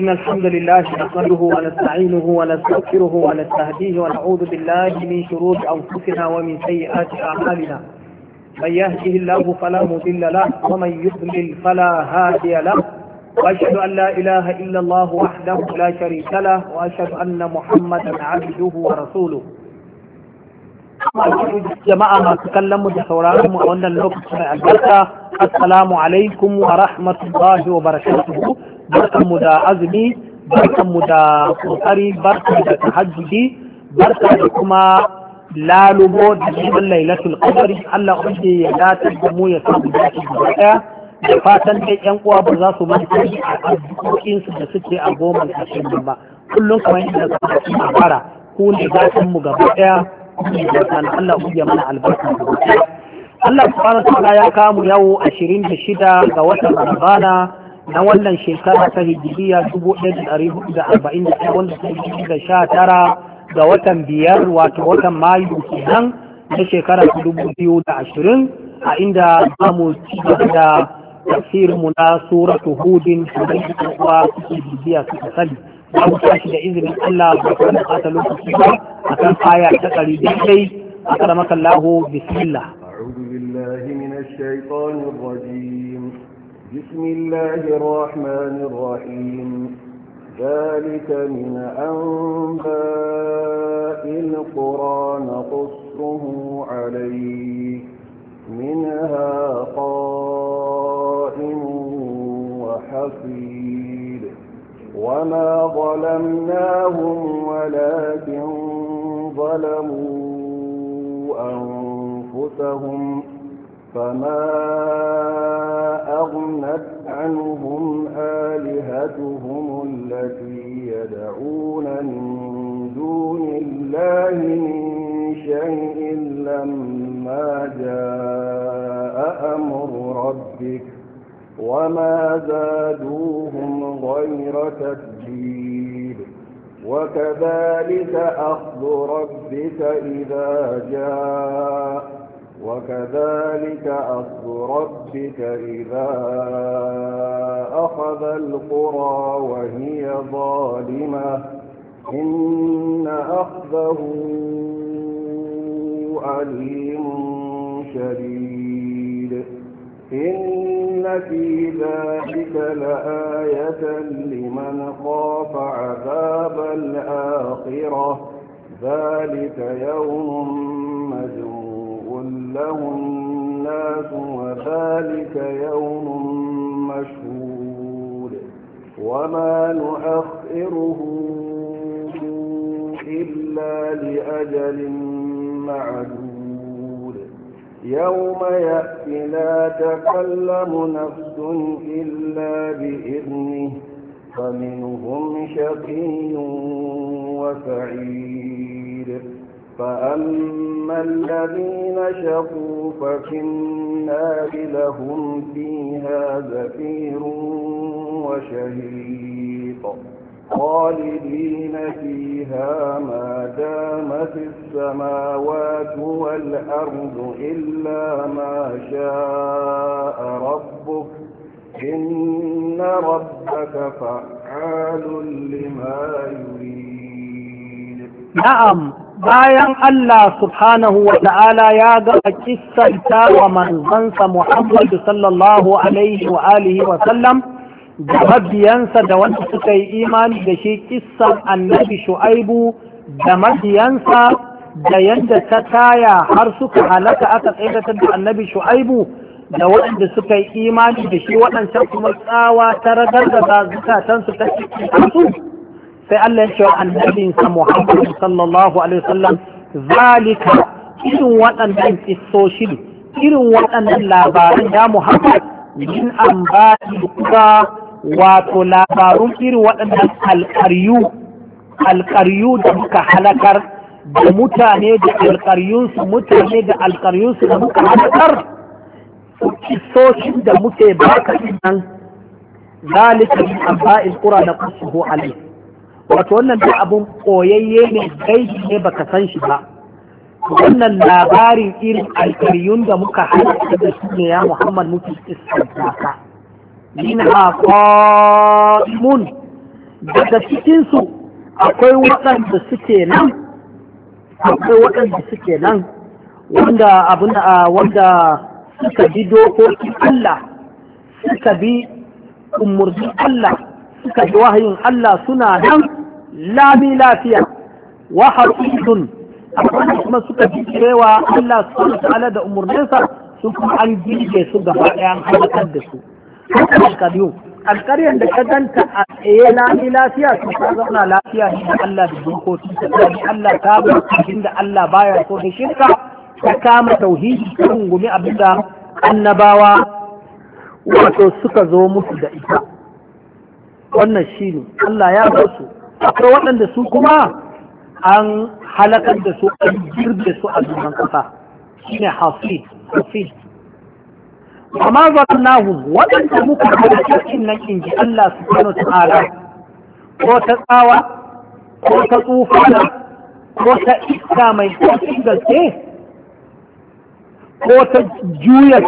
إن الحمد لله نحمده ونستعينه ونستغفره ونستهديه ونعوذ بالله من شرور أنفسنا ومن سيئات أعمالنا من يهده الله فلا مضل له ومن يضلل فلا هادي له وأشهد أن لا إله إلا الله وحده لا شريك له وأشهد أن محمدا عبده ورسوله جماعة ما تكلموا mu وأن اللوك mu a wannan lokacin albarka barkanmu da azumi barkanmu da kokari barkanmu da tahajjudi barka da kuma lalubo da neman lailatul qadari Allah ubangi ya dace da mu ya samu dace gaba daya da fatan dai yan uwa ba za su manta a arzikin su da suke a goma ƙarshen ba kullum kamar yadda suka ci a fara. ku ne gatan mu gaba daya Allah ubangi ya mana albarka Allah subhanahu wa ta'ala ya kamu yau 26 ga watan Ramadana na wannan shekara ta hijiriya 1441 wanda ta hijiri da sha tara ga watan biyar wato watan mayu kenan na shekara ta dubu biyu da ashirin a inda za mu ci gaba da tafsirin mu na suratu hudin da ita kuwa suke bibiya suka sani za mu tashi da izinin Allah ba kuma da ɓata lokaci ba a kan aya ta ɗari daidai a karamakallahu bismillah. أعوذ بالله من الشيطان الرجيم بسم الله الرحمن الرحيم ذلك من أنباء القرى نقصه عليك منها قائم وحفيد وما ظلمناهم ولكن ظلموا أنفسهم فما أغنت عنهم آلهتهم التي يدعون من دون الله من شيء لما جاء أمر ربك وما زادوهم غير تبجيل وكذلك أخذ ربك إذا جاء وكذلك أخذ ربك إذا أخذ القرى وهي ظالمة إن أخذه أليم شديد إن في ذلك لآية لمن خاف عذاب الآخرة ذلك يوم مجموع له الناس وذلك يوم مشهود وما نؤخره إلا لأجل معدود يوم يأتي لا تكلم نفس إلا بإذنه فمنهم شقي وسعيد فأما الذين شقوا ففي النار لهم فيها زفير وشهيق خالدين فيها ما دامت السماوات والأرض إلا ما شاء ربك إن ربك فعال لما يريد نعم bayan Allah subhanahu wa ta'ala ya ga kissanta wa manzansa Muhammadu sallallahu alaihi wa alihi wa sallam da mabiyansa da wanda suka yi imani da shi kissan annabi shu'aibu da mabiyansa da yadda ta taya har suka halaka aka tsaidatar da annabi shu'aibu da waɗanda suka yi imani da shi waɗancan kuma tsawa ta ragar da zukatansu ta cikin su sai Allah ya ce wa annabinsa Muhammad sallallahu alaihi wasallam zalika irin waɗannan kissoshi irin waɗannan labaran ya Muhammad min ambati kuba wato labarun irin waɗannan alƙaryu alƙaryu da muka halakar da mutane da alƙaryunsu mutane da alƙaryunsu da muka halakar kissoshin da muke baka nan zalika min kura na naqsuhu alayk wato wannan da abin koyayye ne gaibi ne baka san shi ba wannan labarin irin alkariyun da muka haɗa da shi ne ya muhammad muke iskanta ka minha qa'imun daga cikinsu akwai waɗanda suke nan akwai waɗanda suke nan wanda abin wanda suka bi dokokin Allah suka bi umarnin Allah suka ji wahayin Allah suna nan lami lafiya wa harfitun akwai kuma suka ji cewa Allah subhanahu ta'ala da umurninsa su kuma an jirge su gaba ɗaya an halakar da su alƙaryu alƙaryan da ka ganta a tsaye lafiya su ta zauna lafiya ne da Allah da dokoki ta tsari Allah ta bar da Allah baya so da shirka ta kama tauhidi ta gumi abinda annabawa wato suka zo musu da ita wannan shi ne Allah ya ba su akwai waɗanda su kuma an halakar da su an girbe su a zuwan ƙasa shi ne hafi hafi amma nahu waɗanda muka halakar cin nan in ji Allah su kano ta'ala ko ta tsawa ko ta tsufana ko ta iska mai ƙarfin gaske ko ta juya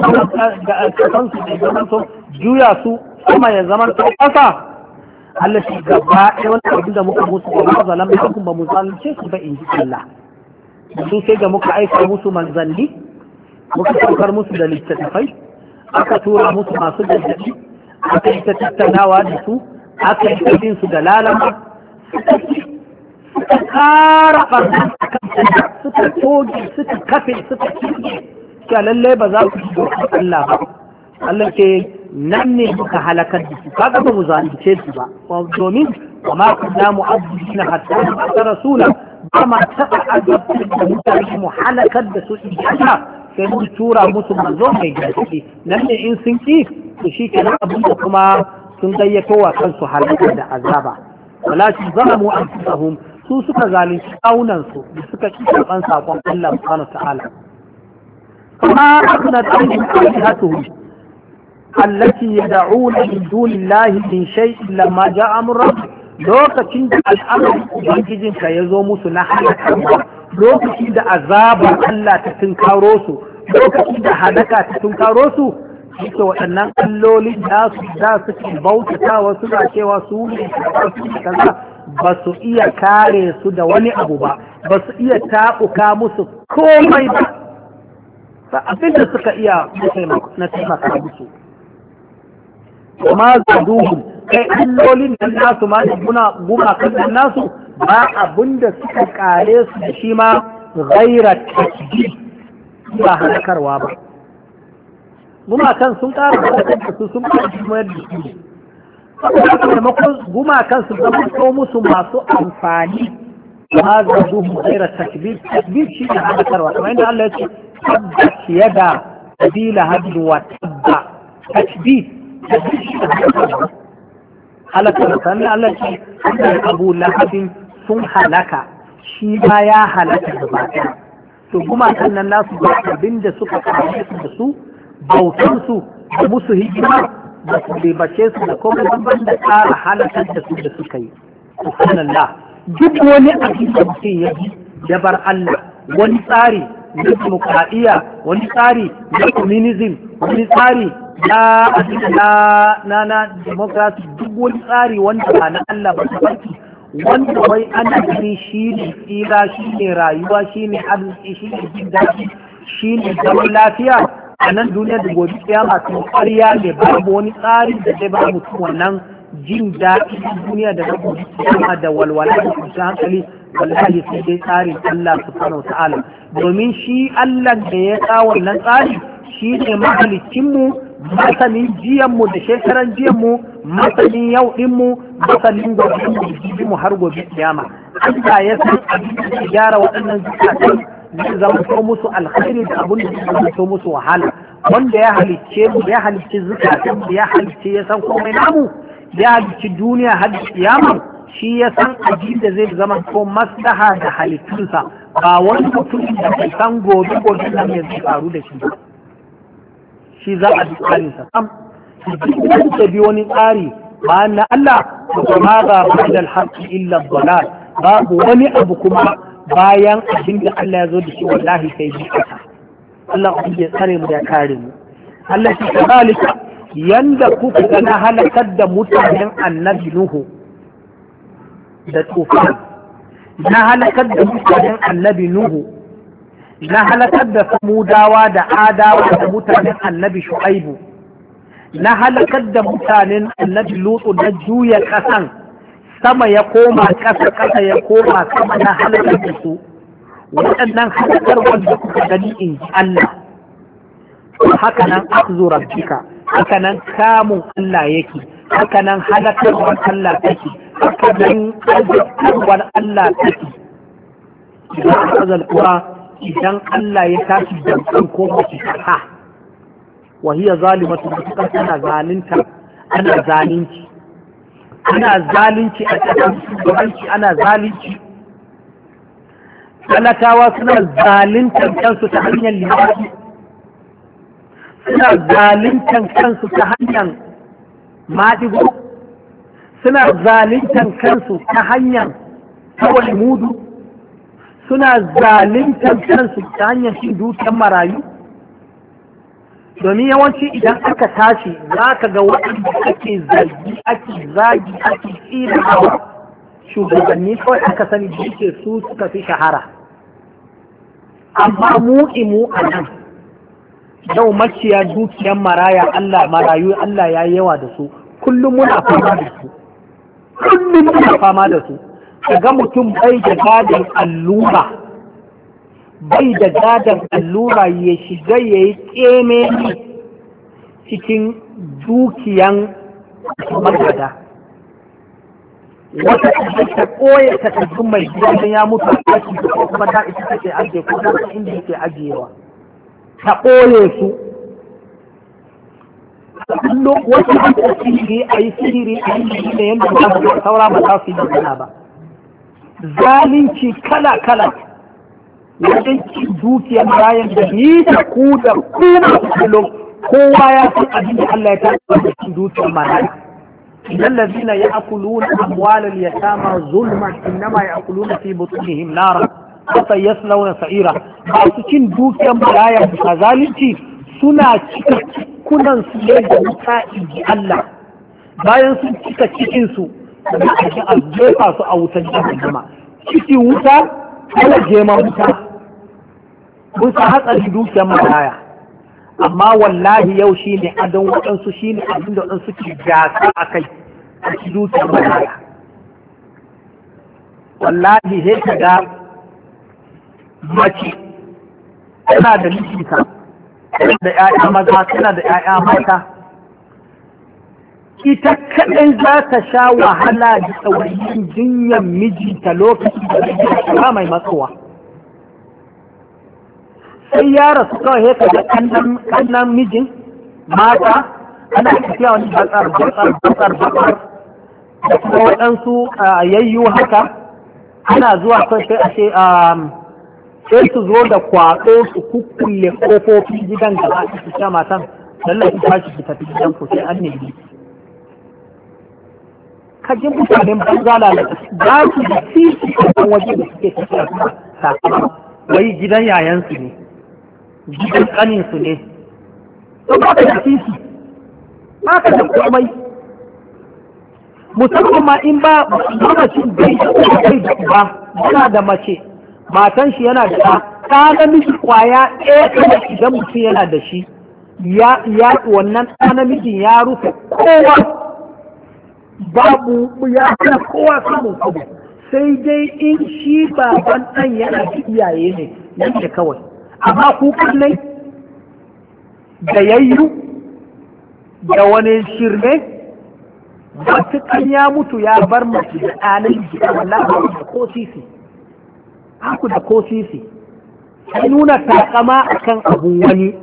kasansu da zamansu juya su kuma ya zaman ƙasa Allah shi gaba ɗaya wani abin da muka musu ba mu zalam da kuma mu zalunce su ba in ji Allah su sai da muka aika musu manzanni muka saukar musu da littattafai aka tura musu masu gargaɗi aka yi ta tattaunawa da su aka yi ta su da lalama suka kara barna a kan suka toge suka kafe suka kirge cewa lallai ba za su ji Allah ba Allah ke nan ne muka halakar da su kaga ba mu zalunce su ba domin amma kunna mu'azzibina hatta nabata rasula ba ma taɓa azabtar da mutane mu halakar da su idan sai mu tura musu manzo mai gaske nan ne in sun ki to shi ke abin da kuma sun gayyato wa kansu halaka da azaba wala su zalamu anfusahum su suka zalunci kaunan su da suka ki karban sakon Allah subhanahu wa ta'ala kama akhnat alaihim alihatuhum allati yad'una min dunillahi min shay'in lamma ja'a amru lokacin da al'amarin ubangijin ka yazo musu na halaka lokacin da azabar Allah ta tunkaro su lokacin da halaka ta tunkaro su yake waɗannan alloli da su da suke bautatawa suna cewa su ne kaza ba su iya kare su da wani abu ba ba su iya taɓuka musu komai ba abin da suka iya na taimaka musu ma duhu kai allolin nan nasu ma guna guma kan nasu ba abinda suka kare su da shi ma ghaira takdid ba halakarwa ba gumakan sun ƙara da su sun kuma da su sakamakon gumakan su zama so musu masu amfani ma duhu ghaira takdid takdid shi ne halakarwa kuma inda Allah ya ce tabbat yada sabila hadu wa tabba takdid da duk shi da sannan Allah Abu Lahabin sun halaka shi ba ya halaka gaba ɗaya to kuma sannan nasu ba abin da suka kawo su da su bautan su da musu hikima ba su ribace su da kuma ban da ƙara halakar da su da suka yi subhanallah duk wani abin da mutum ya ya bar Allah wani tsari na demokradiyya wani tsari na communism wani tsari na na na demokrasi duk wani tsari wanda ba na Allah ba ta barki wanda wai ana gani shi ne tsira shi ne rayuwa shi ne arziki shi ne jin daɗi shi ne zaman lafiya a nan duniya da gobe kiyama masu ƙarya ne babu wani tsari da zai ba mutum wannan jin daɗi duniya da na gobe kiyama da walwala da hankali wallahi sai dai tsarin Allah subhanahu ta'ala domin shi Allah da ya sa wannan tsari shi ne mahalicin mu masanin jiyan mu da shekaran jiyan mu masanin yau din mu masanin gobe mu da mu har gobe kiyama Allah ya san abin da gyara waɗannan zukatan zai zama so musu alkhairi da abin da zai so musu wahala wanda ya halicce mu ya halicce zukatan ya halicce ya san komai namu ya halicci duniya har kiyama shi ya san ajiyar da zai zama ko maslaha da halittunsa ba wani mutum da bai san gobe gobe nan ya zai faru da shi ba shi za a bi sa sam duk da bi wani tsari ba na Allah ba ma ba ba da haqqi illa dalal ku wani abu kuma bayan abin da Allah ya zo da shi wallahi sai bi kasa Allah ya tsare mu da kare mu Allah shi kadalika yanda kuka na halakar da mutanen annabi Nuhu da tufan na halakar da mutanen annabi nuhu na halakar da samudawa da adawa da mutanen annabi shu'aibu na halakar da mutanen annabi lutsu na juya kasan sama ya koma kasa kasa ya koma sama na halakar da su waɗannan halakar wanda kuka gani in ji Allah haka nan akzu haka nan kamun Allah yake haka nan halakarwar Allah take akamin azabtarwar Allah take idan azabtarwa idan Allah ya tashi da ko mace kasa wa hiya zalimatu mutakar tana zalunta ana zalunci ana zalunci a cikin shugabanci ana zalunci talakawa suna zaluntar kansu ta hanyar limafi suna zaluntar kansu ta hanyar madigo suna zalintan kansu ta hanyar kawai mudu suna zalintan kansu ta hanyar shi dukiyar marayu domin yawanci idan aka tashi za ka ga waɗanda ake zagi ake zagi ake tsira shugabanni kawai aka sani da yake su suka fi shahara amma mu imu a nan yau maciya dukiyar maraya Allah marayu Allah ya yawa da su kullum muna fama da su kullum ina fama da su ga mutum bai da gadon allura bai da gadon allura ya shiga ya yi keme cikin dukiyan magada wata ta koya ta mai gidan ya mutu a kashi da kuma ta ita take ajiye ko ta inda yake ajiyewa ta ɓoye su kallo wata aka sihiri a yi sihiri a yi yadda ba su saura ba za su yi magana ba zalunci kala kala wajen cin dukiyar bayan da ni da ku da kuma kullum kowa ya san abin da Allah ya tafi da cin dukiyar malaka إن ya يأكلون أموال اليتامى ظلما إنما يأكلون في بطونهم نارا حتى يصلون سعيرا. بس cin dukiyar bayan bisa zalunci suna cika kunan su ne da wuta inji Allah bayan sun cika cikinsu da ake a jefa su a wutan jahannama ciki wuta kala jema wuta mun hatsari dukiyar mataya amma wallahi yau shi ne adon waɗansu shi ne abin da waɗansu ke gasa a kai a ci dukiyar mataya wallahi sai ka ga mace tana da likita da ‘ya'ya maza suna da ‘ya'ya mata ita kaɗai za ta sha wahala da tsawayin jinyar mijinta lokaci da zai kama mai matsuwa sai ya rasu kawai heka da kannan mijin mata ana tafiya wani batsar batsar batsar batsar da kuma waɗansu yayyu haka ana zuwa kai a um, sai su zo da kwaɗo su kukkulle ƙofofin gidan da za su fita matan lallai su tashi su tafi gidan ku sai an nemi Ka ji mutanen banza da za su da titi a waje da suke tafiya sakamakon wai gidan yayansu ne gidan ƙaninsu ne sun ba da titi ba ka da komai musamman ma in ba mamacin bai da ba yana da mace matan shi yana da ɗa namiji kwaya ɗaya kuma idan mutum yana da shi ya wannan na namijin ya rufe kowa babu ya hana kowa samun kudu sai dai in shi baban ɗan yana da iyaye ne nan da kawai amma ku kallai da yayyu da wani shirme matukan ya mutu ya bar mace da ɗanin wallahi ko sisi haku da ko sisi sai nuna takama akan abun wani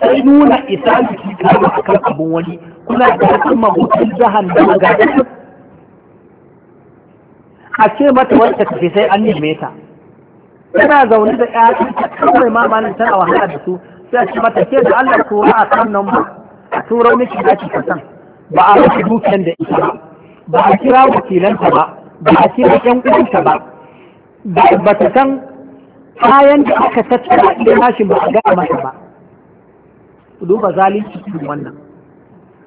sai nuna isa jiki kama akan abun wani kuna da kan magutin jahan da magana a ce mata ta tafi sai an yi ta tana zaune da ƴaƴan ta kawai ma malin tana wahala da su sai a ce mata ke da Allah tura a kan nan ba a turo miki da ki san ba a rufe dukiyar da ita ba ba a kira wakilanta ba ba a kira ƴan uwanta ba ba ta san kayan da aka tattara iya nashin ba a gaya masa ba duba zalunci cikin wannan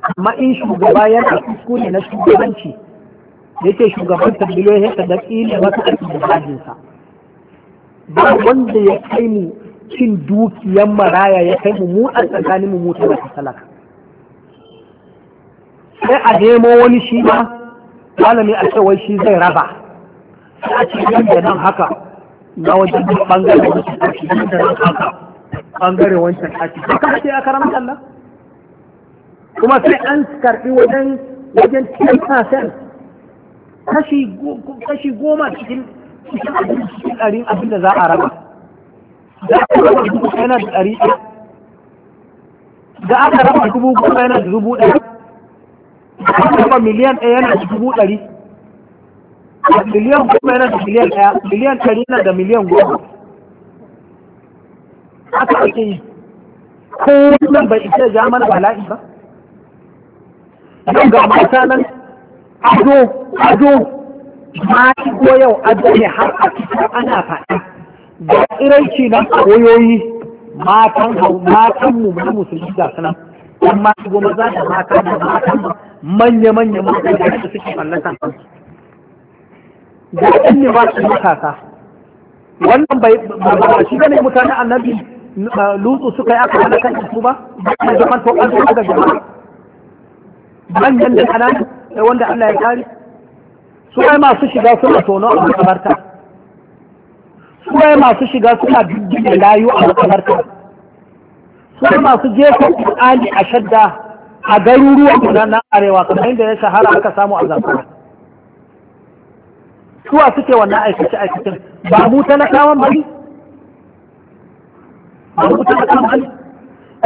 amma in shugaba yana kuskure na shugabanci da yake shugaban tabbiloyi ya da ƙila masa a cikin hajjinsa ba wanda ya kai mu cin dukiyan maraya ya kai mu mu a tsakanin mu mutu da sai a nemo wani shi ba, malami a ce shi zai raba ta ce nan da nan haka na wajen bangare wancan a cikin da nan haka bangare wancan ta ce haka sai a karamta Allah kuma sai an karɓi wajen wajen 10% kashi goma cikin cikin ɗarin abin da za a raba za a raba dubu ɗaya da ɗari ɗaya da aka raba dubu goma yana da dubu ɗaya da aka raba miliyan ɗaya yana da dubu ɗari miliyan goma yana da miliyan ɗaya miliyan ɗari yana da miliyan goma haka ake yi ko wannan bai isa ja mana bala'i ba yau ga mata nan ado ado ma ko yau ado ne har a cikin ana faɗi ga iranci nan koyoyi matan matan mu na musulmi ga sunan amma goma za ta da matan manya manya mata da suke fallasa kansu da ɗan ne ba su matasa wannan bai ba shi ne mutane annabi lutsu suka yi aka hana kan su ba da zaman to an daga jama'a manyan da kananu eh, wanda Allah ya kare su ai masu shiga suna tono a makabarta su ai masu shiga suna da layu a makabarta su ai masu jefa Qur'ani a shadda a garuruwan na arewa kamar yadda ya shahara aka samu a zakara suwa suke wannan aikace aikacen ba mu talakawan bane ba mu talakawan bane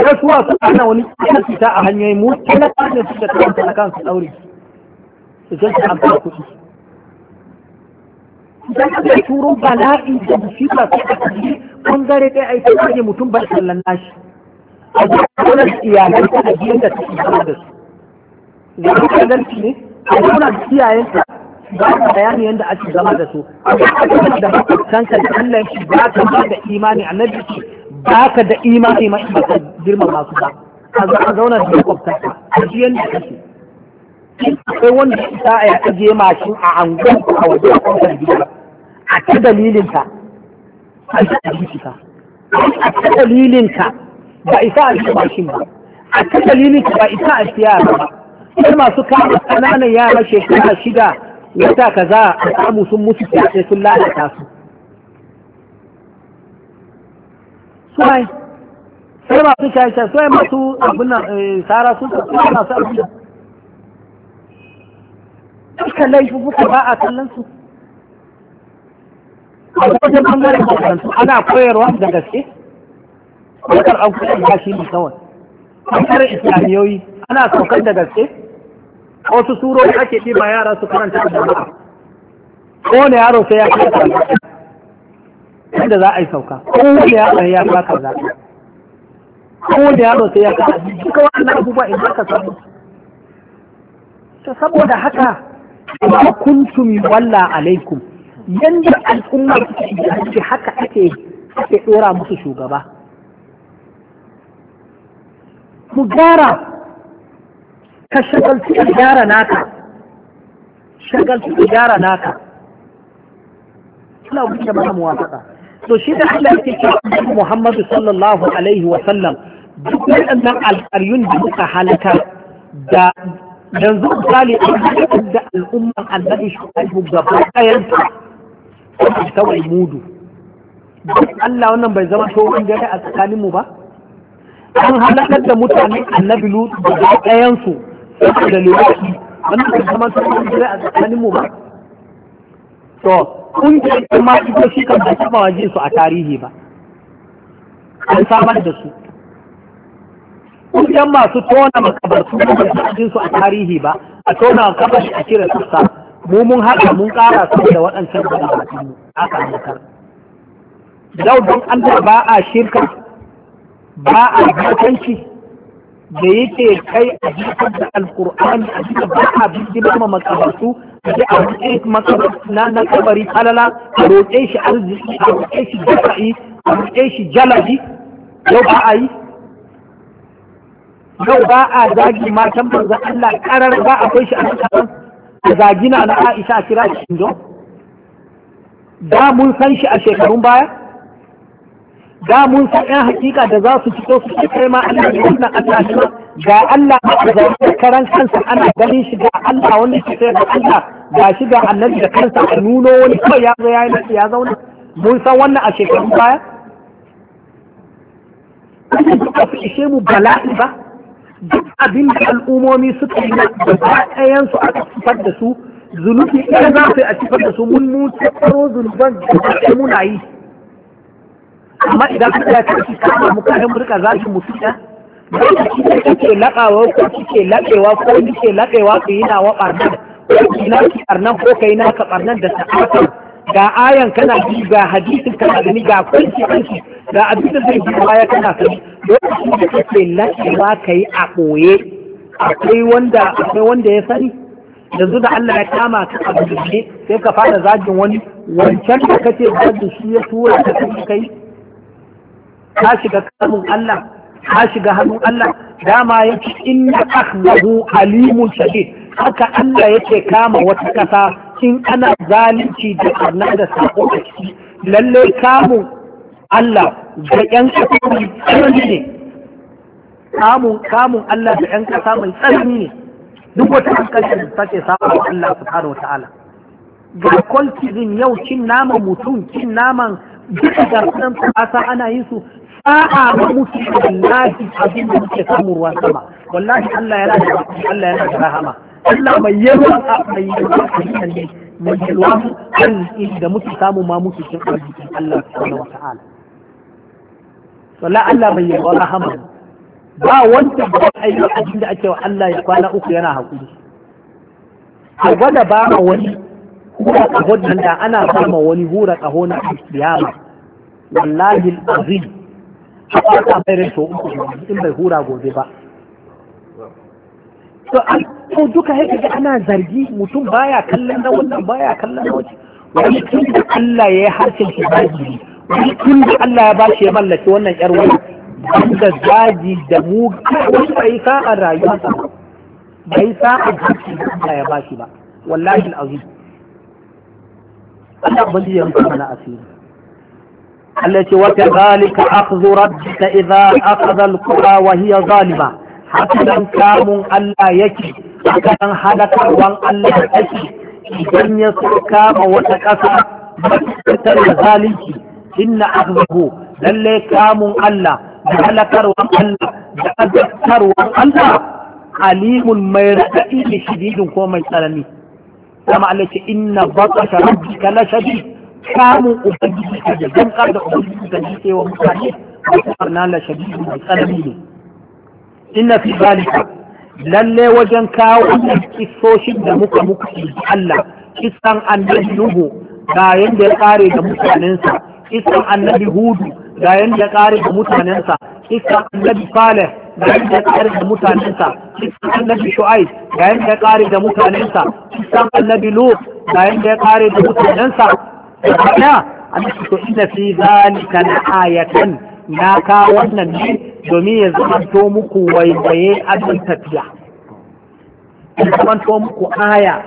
ga suwa su ana wani kashi fita a hanyoyi mu talaka ne suka tawon talakan su daure su je su amfani kuɗi idan aka turo bala'i da musiba su aka ji kun gare ɗaya a yi ta mutum ba sallan nashi a zaɓunan iyalai ta biyan da ta shi da su zaɓunan ne a zaɓunan ta. ba ka bayani yadda ake zama da su da makwabtanka da Allah shi ba ka ba da imani annabi ce ba ka da imani ma in ka girma masu ba a za a zauna da makwabtanka a ji yadda kake akwai wanda ta a yaka je mashin a angon a waje a kwanfar gida a ta dalilinka a ji a ji ka a ta dalilinka ba isa a ji mashin ba a ta dalilinka ba isa a siya ba Yar masu kama ƙananan yara shekara shida ka za a samu sun mutu sai sun lalata su suwai sai ba su shaye shaye suwai masu abin nan eh, sara sun tafi masu abin nan suka laifuka ba a kallon su a wajen bangaren makarantu ana koyarwa da gaske wakar an kusa ba shi ne kawai an kare islamiyoyi ana saukar da gaske wasu surori ake ba yara su karanta da ba ko ne yaro sai ya karanta inda za a yi sauka ko ne yaro ya baka za ko ne yaro sai ya karanta duka wannan abubuwa in ka samu Ta saboda haka ma kuntum walla alaikum yanda al'umma suke haka ake ake dora musu shugaba mu gara ka shagaltu da gyara naka shagaltu da gyara naka Allah wuce mana muwafaka to shi da Allah yake ce Muhammadu sallallahu alaihi wa sallam duk waɗannan alƙaryun da suka halakar da yanzu misali an da al'umman annabi shu'aibu gaba ɗayan ta kawai mudu Allah wannan bai zama to wanda a tsakaninmu ba an halakar da mutane annabi lutu da ɗayan su da lulaki wannan kan zama sun yi jira a tsakanin mu ba to kungiyar kan ma ita shi kan ba taba wajen su a tarihi ba an samar da su kungiyar masu tona makabartu da ba su a tarihi ba a tona makabartu a kira sassa mu mun haɗa mun ƙara su da waɗancan makabartu mu aka don an Allah ba a shirka ba a bakanci da yake kai a jikin da alkur'an a jikin ba a bijima ma makabartu a ji a roƙe makabartu na na kabari alala a roƙe shi arziki a roƙe shi jafa'i a roƙe shi jalabi yau ba a yi yau ba a zagi matan banza Allah karar ba akwai shi a cikin a zagina na Aisha kira shi don da mun san shi a shekarun baya da mun san ɗan hakika da za su fito su ci kai ma Allah ne wannan Allah ne ga Allah a da karan kansa ana ganin shi ga Allah wani shi sai ga Allah ga shi ga annabi da kansa a nuno wani kawai ya zo ya yi ya zauna mun san wannan a shekarun baya ba su ishe mu bala'i ba duk abin da al'umomi suka yi da ɗayan su aka fitar da su zunubi ɗaya za su yi a cikin da su mun mu tsaro zunuban da muna yi amma idan ka tsaya ta ci kama mutane mu rika zashi mutum da da ce lakawa ko kike lakewa ko kike lakewa ku yi nawa barnan ko na ki arnan ko kai na ka ɓarnan da sa'atan ga ayan kana ji ga hadisin kana gani ga kwanci kanki ga abin da zai bi ya kana kai lokacin da kike lakewa yi a ɓoye akwai wanda ya sani yanzu da Allah ya kama ka abu sai ka fara zagin wani wancan da kace zagin shi ya tura ka kai ka shiga kanun Allah ka shiga hannun Allah dama yake inna akhdahu alimun shadid haka Allah yake kama wata kasa in ana zalunci da barna da sako a ciki lalle kamun Allah da yan kasa mai tsanani ne kamun Allah da yan kasa mai tsanani ne duk wata hankali da take samu Allah subhanahu wa ta'ala ga kwalcizin yau cin naman mutum cin naman duk garsan asa ana yin su sa'a ba muke wallahi abin da muke samun ruwan sama wallahi Allah ya rada Allah ya rada rahama Allah mai yawa a mai yawa a cikin ne mai yawa arziki da muke samu ma muke cin arzikin Allah subhanahu wa ta'ala wallahi Allah mai yawa rahama ba wanda ba ai abin da ake wa Allah ya kwana uku yana hakuri a gwada ba ma wani hura kahon da ana ba ma wani hura kahon na kiyama wallahi azim ba ta mai rai so uku in bai hura gobe ba to an ko duka yake da ana zargi mutum baya kallon na wannan baya kallon na wancan wani tun da Allah ya yi harshen shi zagi wani tun da Allah ya bashi ya mallaki wannan yar wani da zagi da mu wani bai rayuwa rayuwarsa bai sa'a harshen da Allah ya bashi ba wallahi al'azim Allah ubangiji ya mutu mana asiri التي وكذلك أخذ ربك إذا أخذ القرى وهي ظالمة حتى كام ألا يكي حتى حلك وان ألا يكي إذن يسركام وتكسر بكتر ذلك إن أخذه للي كام ألا بحلكر وان ألا بأذكر وان ألا عليم ميرتئي لشديد وميسرني كما التي إن بطش ربك لشديد samun ubangiji ka da dankar da ubangiji da ji sai wa mutane a kuma na shadidu da tsanani ne Ina fi zalika lalle wajen kawo wannan kisoshin da muka muka yi Allah kisan annabi Nuhu ga yanda ya kare da mutanensa kisan annabi Hudu ga yanda ya kare da mutanensa kisan annabi Saleh ga yanda ya kare da mutanensa kisan annabi Shu'aib ga yanda ya kare da mutanensa kisan annabi Lut ga yanda ya kare da mutanensa da annabi to inda fi zalika na ayatan na ka wannan ne domin ya zamanto muku waiwaye abin tafiya ya zamanto muku aya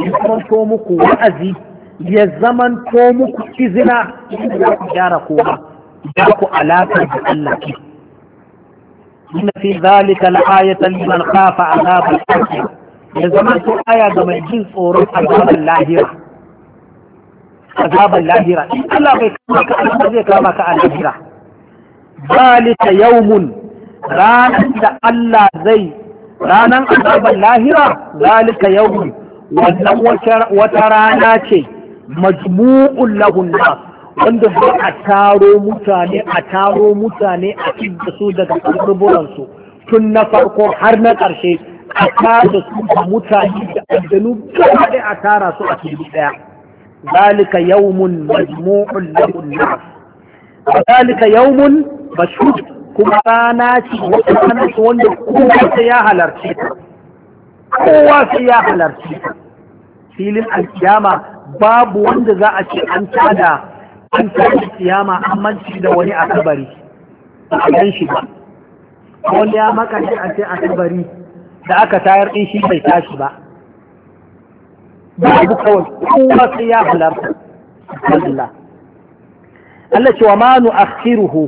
ya zamanto muku wa'azi ya zamanto muku izina inda za ku gyara kowa da ku alaƙar da Allah ke inna fi zalika la ayatan liman khafa azab al-akhirah ya zamanto aya ga mai jin tsoron al lahira azaban lahira in Allah bai kama ka a zai kama ka a lahira zalika yawmun ranan da Allah zai ranan azaban lahira zalika yawmun wannan wata rana ce majmu'un lahun wanda zai a taro mutane a taro mutane a da su daga karburansu tun na farko har na ƙarshe a tara su mutane da aljanu gaba a tara su a cikin ɗaya ذلك يوم مجموع له الناس وذلك يوم مشهود كما رانا شي ورانا شي wanda kowa sai ya halarci kowa ya halarci filin alkiyama babu wanda za a ce an tada an tada kiyama an manci da wani a wanda ya maka da aka tayar din shi bai tashi ba babu kawai kowa sai ya halarta Allah Allah ce wa ma nu'akhiruhu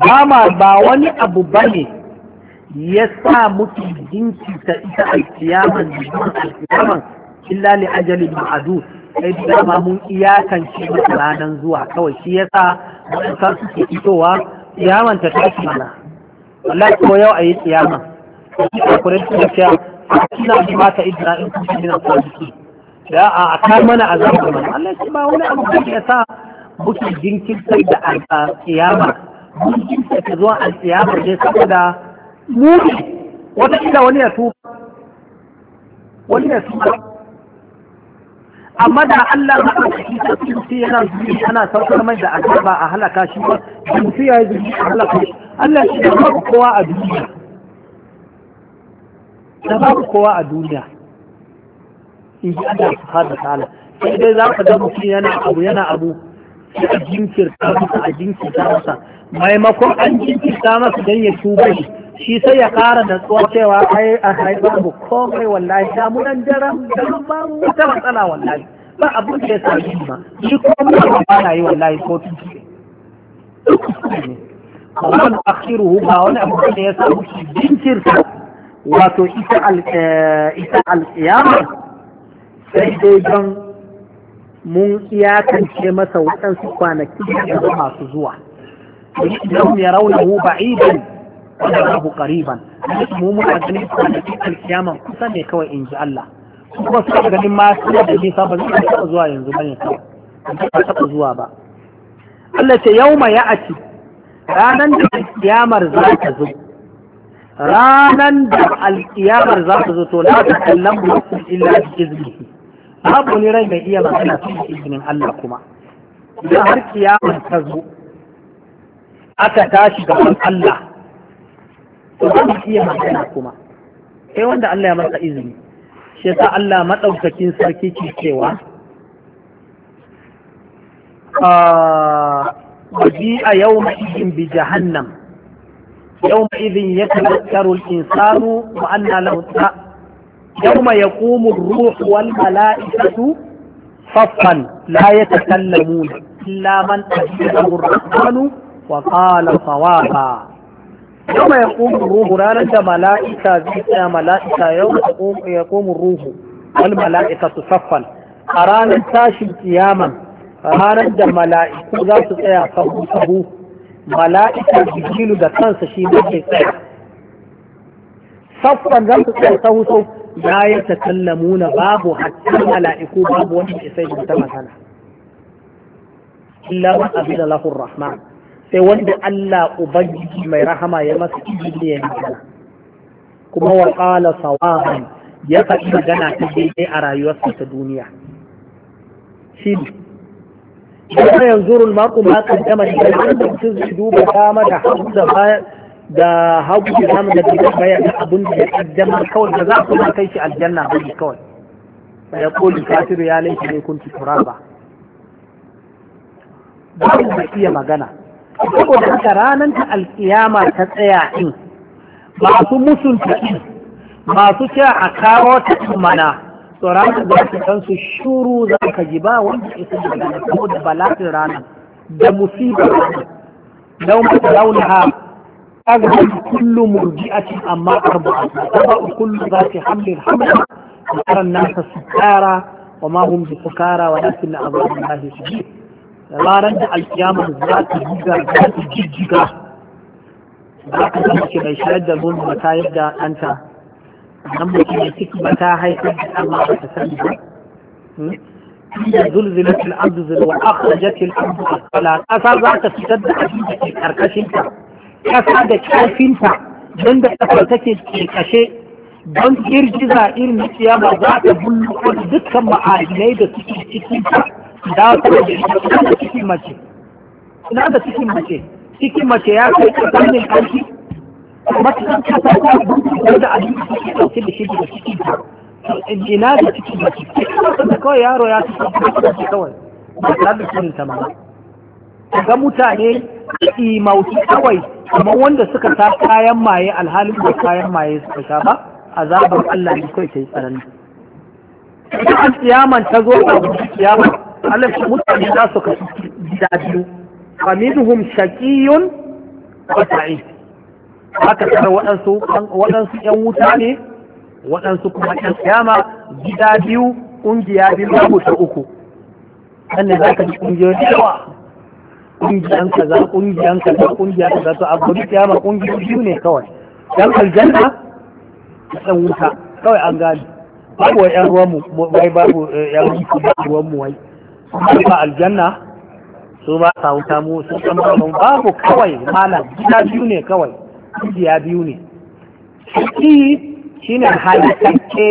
ba ma ba wani abu bane ya sa muke jinki ta ita alkiyaman da alkiyaman illa li ajalin ma'adu sai da ma mun iyakan mata ranar zuwa kawai shi ya sa waɗansa suke fitowa kiyaman ta tashi mana wallahi ko yau a yi kiyama a cikin kuren suna cewa a cikin abin ba ta idina in kuma min al ya a kan mana a azabar mana Allah shi ba wani abu da ya sa buki jinkin sai da kiyama jinkirta ta zuwa alkiyama ne saboda muni wata kila wani ya tu wani ya tu amma da Allah na ɗauki ta cikin yana zuwa ana saukar mai da azaba a halaka shi ba jinsi ya yi zuwa a halaka shi Allah shi da babu kowa a duniya da babu kowa a duniya in ji Allah subhanahu ta'ala sai dai za ka ga mutum yana abu yana abu sai a jinkirta masa a jinkirta masa maimakon an jinkirta masa don ya tuba shi shi sai ya ƙara da tsuwa cewa ai a haifa abu komai wallahi damunan daren daren ba wata matsala wallahi ba abin da ya sami ma shi komai ba na yi wallahi ko tuntube wannan akhiruhu ba wani abu da ya samu shi jinkirta wato ita eh, al-qiyama sai dai don mun iyakance masa waɗansu kwanaki da masu zuwa idan ya rauna raunahu ba'idan wanda babu qariban mu muna ganin kwanaki alkiyama kusa ne kawai in ji Allah kuma su ganin ma su da ji sabon zai taɓa zuwa yanzu bane kawai ba taɓa zuwa ba Allah ce ma ya aci ranan da alkiyamar za ta zo ranan da alkiyamar za ta zo to la ta kallamu illa bi iznihi babu ne rai mai iya magana cikin izinin Allah kuma idan har kiyamar ta zo aka tashi gaban Allah to ba mu iya magana kuma sai wanda Allah ya masa izini shi yasa Allah madaukakin sarki ke cewa ah, a yau bi وجيء يومئذ بجهنم يومئذ tsaro insanu ma'ana له Yau yaqumu ar-ruhu wal mala'ikatu saffan la yatakallamuna illa man tabi'a ar-rahmanu wa qala sawaba yawma yaqumu ar-ruhu ranar da mala'ika zai tsaya mala'ika yawma yaqumu ruhu wal mala'ikatu saffan a ranar tashin kiyaman ranar da mala'iku za su tsaya sahu sahu mala'ika jikilu da kansa shi ne ke tsaya saffan za su tsaya sahu لا يتكلمون باب حتى ملائكو باب وحي سيد متى مثلا إلا ما أبدا له الرحمن سيوان دي ألا أبجي ما يرحم يمس إبليه كما وقال صواها يقعد جنا إبليه أرايو أسفة دنيا سيد ينظر المرء ما قدمت لأنه تزدو بكامة حفظ da hagu da zamu da duk bayan abin da ya kaddamar kawai da za ku kai shi aljanna ba kawai ya koli kafiru ya laifi ne kun turaba ba mu iya magana saboda haka ranar ta alkiyama ta tsaya in masu musunta in masu cewa a kawo ta mana tsoron da su kan su shuru za ka ji ba wanda ya su da saboda bala'in ranar da musibar ranar launa ta launaha أغلب كل مرجئة أما أربعة تبأ كل ذات حمل الحمل وترى الناس سكارى وما هم بسكارى ولكن عذاب الله شديد لا رد القيامة ذات جيجا ذات جيجا ذات جيجا bai shayar da nono ba ta yadda ɗanta nan mutum ya ciki ba ta haifar da ɗan ba ta sani ba زلزلت الأرض زلزال وأخرجت الأرض أثقالها أثر ذات في تد أبيك في كركشنك ƙasa da ƙarfinta don da ƙasar take kashe don girgiza irin na ba za ta bullo dukkan ma'adinai da suke cikin ta da ta da cikin mace ina da cikin mace cikin mace ya kai ƙasar ne ƙarfi matakan ƙasa ta bullo da abin da suke dauke da shi da cikin ta ina da cikin mace da kawai yaro ya fi shi kawai ba tare da cikin ta ma ga mutane imauti kawai kamar wanda suka sa kayan maye alhalin da kayan maye suka sha ba azabar Allah ne kai yi tsanani idan an tsiyaman ta zo a tsiyaman Allah shi mutane za su kasu gida biyu faminhum shaqiyun wa sa'id haka tsara waɗansu waɗansu ƴan wuta ne waɗansu kuma ƴan tsiyama gida biyu ƙungiya biyu babu ta uku sannan za ka ji ƙungiyoyi yawa kungiyan kaza kungiyan kaza kungiya kaza to a guri kiyama kungiyoyi biyu ne kawai Dan aljanna dan wuta kawai an gane babu wai yan ruwan mu wai babu eh, yan ruwan mu wai ba aljanna su ba sa wuta mu su san babu babu kawai mana gida biyu ne kawai kungiya biyu ne shi shine halittacce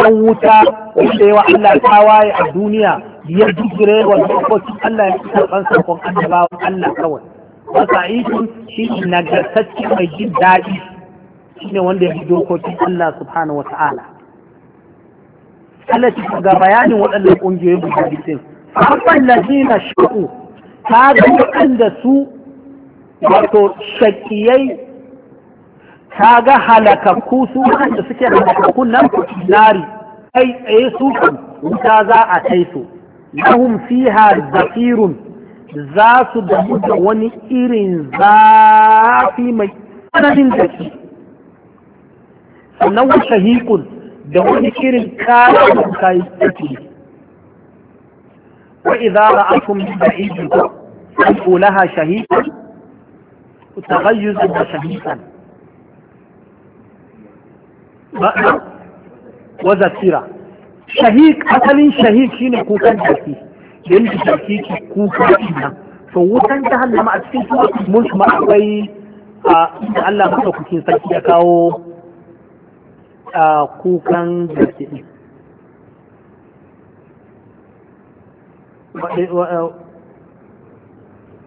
dan wuta wanda yawa Allah ta waye a duniya ya jigire wa dokokin Allah ya karɓar sakon annabawan Allah kawai yi sa'idun shi nagartacce mai jin daɗi shi ne wanda ya fi dokokin Allah subhanahu wa ta'ala Allah ci ga bayanin waɗannan ƙungiyoyin bujabicin Abban lazina shaƙu ta ga waɗanda su wato shaƙiyai ta ga halakakku su waɗanda suke halakakku nan nari kai tsaye su wuta za a kai su لهم فيها زفير ذات ضمد ونئر ذات مي سنن ذكي سنو شهيق ونئر كان مكايستكي وإذا رأتهم بعيد سنقوا لها شهيقا وتغيز بشهيقا بأنا shahik asalin shahik shine kukan jaki da yanki jaki ki kuka ina to wutan ta jahannama a cikin suratul mun ma akwai a inda Allah kukin sarki ya kawo a kukan jaki din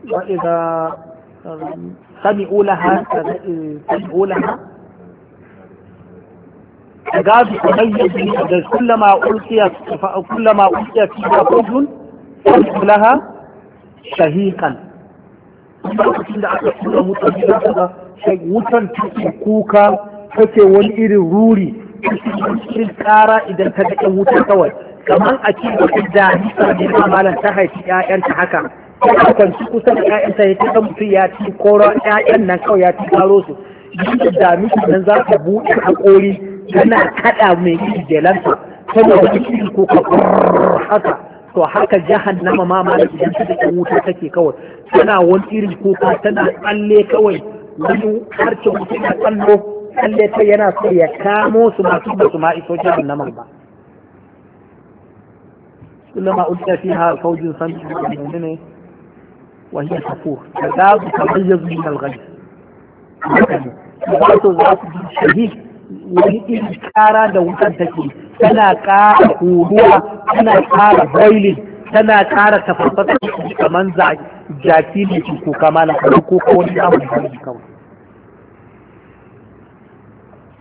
وإذا سمعوا لها سمعوا لها الغاز تميز كلما ألقي كلما ألقي فيها فوج فوج لها شهيقا lokacin da aka tura wutar gidan daga wutar take kuka take wani irin ruri cikin tsara idan ta ga wutar kawai kamar a ce wata jami'a ne ma malam ta haifi ƴaƴanta haka kan kwanci kusan da ta ya kan mutum ya ci koro ƴaƴan nan kawai ya ci karo su yadda jami'a nan za ka buɗe haƙori tana kada mai jelanta saboda ciki ko kabar haka to haka jahannama ma ma idan ta da wuta take kawai tana wani irin kuka tana tsalle kawai wani harcin mutum ya tsallo tsalle ta yana so ya kamo su masu da su ma iso jahannama ba كلما ألقي فيها فوج سمع المؤمنين وهي تفور تذاب تميز من الغيث wato za su ji shahid wani irin kara da wutar take tana kara kuruwa tana kara boiling tana kara tafafasa kamar jaki ne ko ko ko wani abu da kawai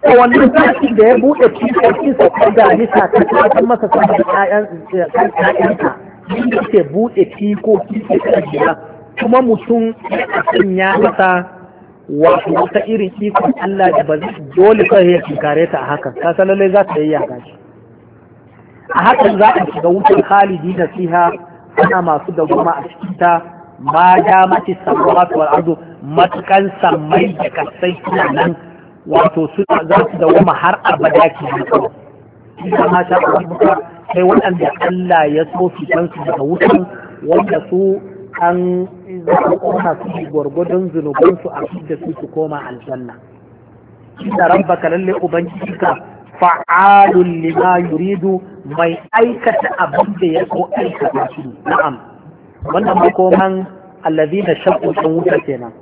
a wani da ya buɗe cikin sa ta damisa ta kasar masa saman ƴaƴanta inda ke buɗe fiko cikin kuma mutum ya masa wato wata irin ikon Allah da ba zai dole kai ya kare ta a hakan ka san za ta yi yaka shi a hakan za a shiga wutar khalidi na siha ana masu goma a cikin ta ma da mace samawatu wal ardu matukan samai da kasai suna nan wato suna za su goma har abada ke mutu ita ma ta kuma sai waɗanda Allah ya so fitan su daga wutan wanda su an zaɓa su gwargwadon zunubansu a da su su koma aljanna inda rabbaka lalle ubangiji ka fa'alun lima yuridu mai aikata abin da ya ko aikata shi na'am wannan makoman allazi na shakku wuta kenan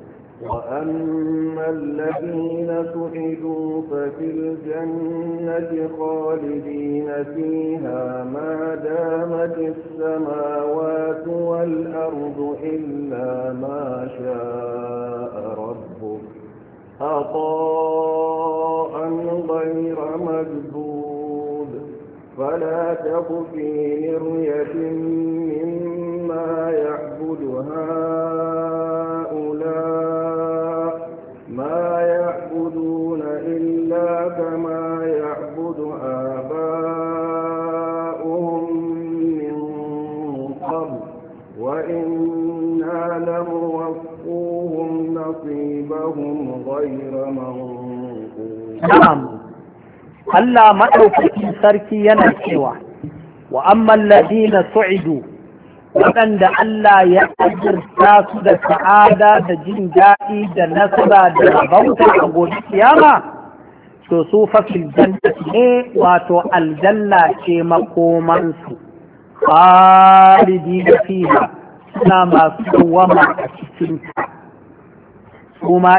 وأما الذين سعدوا ففي الجنة خالدين فيها ما دامت السماوات والأرض إلا ما شاء ربك عطاء غير مجدود فلا تخفي مرية مما يعبد هؤلاء na'am Allah maɗaukakin sarki yana cewa wa amman ladina su'idu waɗanda Allah ya ajirta su da sa'ada da jin daɗi da nasara da bauta a gobe kiyama to su fa fil ne wato aljanna ce makomansu khalidi da fiha suna masu dawama a cikin su ma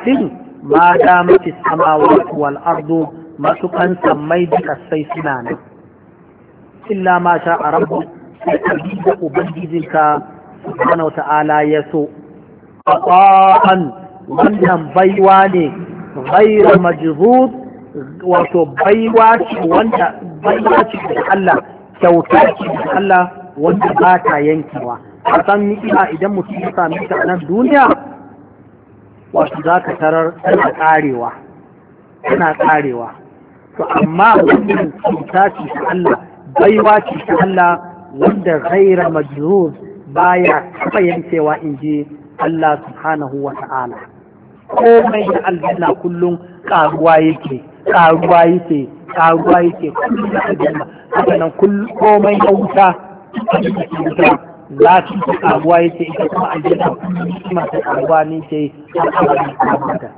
ma damati samawati wal ardu matukan sammai duka sai suna nan illa ma sha a rabu sai da ubangijinka subhanahu ta'ala ya so qatan wannan baiwa ne ghayra majzud wato baiwa ce wanda baiwa ce da Allah kyauta ce Allah wanda ba ta yankewa a san ni'ima idan mutum ya sami ta nan duniya wasu za ka tarar tana karewa tana karewa to amma wannan cuta ce ta Allah baiwa ce ta Allah wanda ghaira majruz baya kafa yankewa in ji Allah subhanahu wa ta'ala komai da aljanna kullum karuwa yake karuwa yake karuwa yake kullum da aljanna haka nan komai ya wuta za su ta abuwa ya ce ita kuma aljanna kuma ta abuwa ne ce har abin